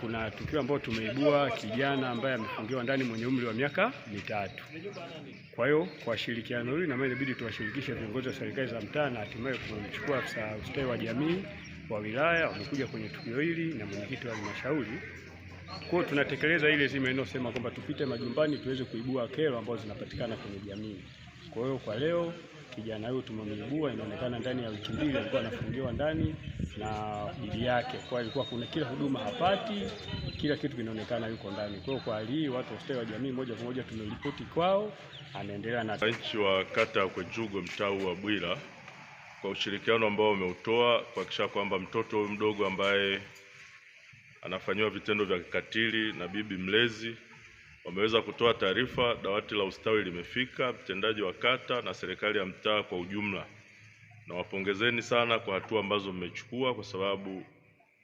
kuna tukio ambalo tumeibua kijana ambaye amefungiwa ndani mwenye umri wa miaka mitatu. Kwa hiyo kwa shirikiano hili, na maana inabidi tuwashirikishe viongozi wa serikali za mtaa na hatimaye kumchukua afisa ustawi wa jamii wa wilaya wamekuja kwenye tukio hili na mwenyekiti wa halmashauri. Kwa tunatekeleza ile zima inayosema kwamba tupite majumbani tuweze kuibua kero ambazo zinapatikana kwenye jamii. Kwa hiyo kwa leo kijana huyu tumemibua, inaonekana ndani ya wiki mbili alikuwa anafungiwa ndani na bibi yake, kwa ilikuwa kuna kila huduma hapati, kila kitu kinaonekana yuko ndani. Kwa hiyo kwa hali hii watu ustawi wa jamii moja kwa moja tumeripoti kwao, anaendelea na wananchi wa kata ya Kwejugo mtaa wa bwira kwa ushirikiano ambao wameutoa kuhakikisha kwamba mtoto huyu mdogo ambaye anafanyiwa vitendo vya kikatili na bibi mlezi wameweza kutoa taarifa, dawati la ustawi limefika, mtendaji wa kata na serikali ya mtaa kwa ujumla. Nawapongezeni sana kwa hatua ambazo mmechukua, kwa sababu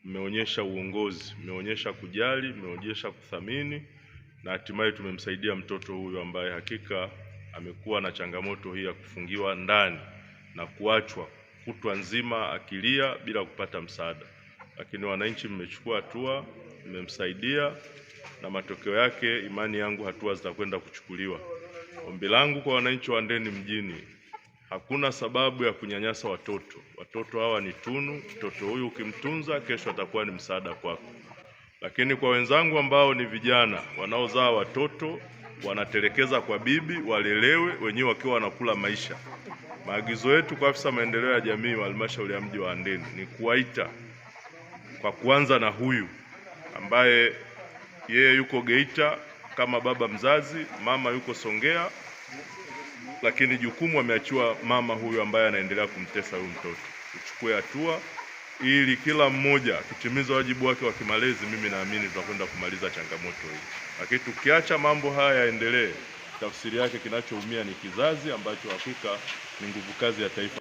mmeonyesha uongozi, mmeonyesha kujali, mmeonyesha kuthamini na hatimaye tumemsaidia mtoto huyu ambaye hakika amekuwa na changamoto hii ya kufungiwa ndani na kuachwa kutwa nzima akilia bila kupata msaada, lakini wananchi mmechukua hatua, mmemsaidia na matokeo yake imani yangu hatua zitakwenda kuchukuliwa. Ombi langu kwa wananchi wa Handeni mjini, hakuna sababu ya kunyanyasa watoto. Watoto hawa ni tunu. Mtoto huyu ukimtunza, kesho atakuwa ni msaada kwako. Lakini kwa wenzangu ambao ni vijana wanaozaa watoto wanatelekeza kwa bibi, walelewe wenyewe wakiwa wanakula maisha. Maagizo yetu kwa afisa maendeleo ya jamii wa halmashauri ya mji wa Handeni ni kuwaita kwa kuanza na huyu ambaye yeye yuko Geita kama baba mzazi, mama yuko Songea, lakini jukumu ameachiwa mama huyu ambaye anaendelea kumtesa huyu mtoto. uchukue hatua ili kila mmoja akitimiza wajibu wake wa kimalezi, mimi naamini tutakwenda kumaliza changamoto hii. Lakini tukiacha mambo haya yaendelee, tafsiri yake kinachoumia ni kizazi ambacho hakika ni nguvu kazi ya taifa.